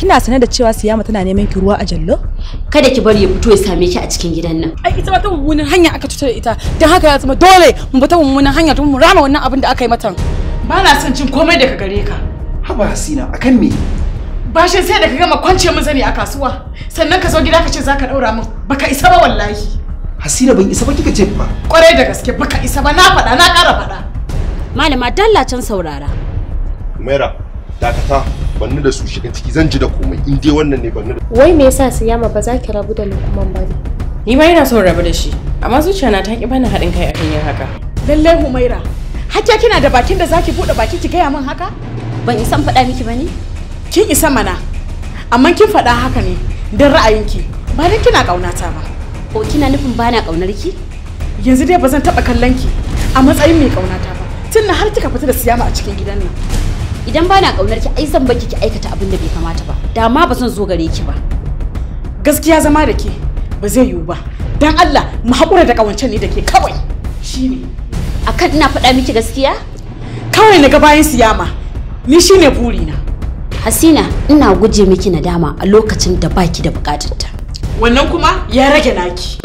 kina sane da cewa siyama tana neman ki ruwa a jallo kada ki bari ya fito ya same ki a cikin gidan nan ai ita ba ta mummunan hanya aka cutar da ita don haka ya zama dole mu ta mummunan hanya don mu rama wannan abin da aka yi mata ba na son cin komai daga gare ka haba hasina akan me bashin sai da ka gama kwance min sani a kasuwa sannan ka zo gida ka ce zaka daura min baka isa ba wallahi hasina ban isa ba kika ce ba kwarai da gaske baka isa ba na faɗa na ƙara faɗa malama dalla can saurara mera dakata banni da su shiga ciki zan ji da komai in dai wannan ne banni da wai me yasa siyama ba za ki rabu da lokuman ba ne ni ma ina son rabu da shi amma zuciya ta ki bani haɗin kai akan yin haka lallai humaira hajja kina da bakin da zaki buɗe baki ki gaya min haka ban isan faɗa miki ba ne? kin isa mana amma kin faɗa haka ne don ra'ayinki ba dan kina ƙaunata ba o kina nufin bana ƙaunar ki yanzu dai bazan zan taɓa kallon ki a matsayin mai ƙaunata ba tun har kika fita da siyama a cikin gidan nan idan ba na kaunar ki ai zan baki ki aikata abin da bai kamata ba da ma ba zan zo gare ki ba gaskiya zama da ke ba zai yiwu ba dan Allah mu haƙura da kawancen ne da ke kawai shine akan ina faɗa miki gaskiya kawai na ga bayan siyama ni shine burina Hasina ina guje miki nadama a lokacin da baki da bukatunta wannan kuma ya rage naki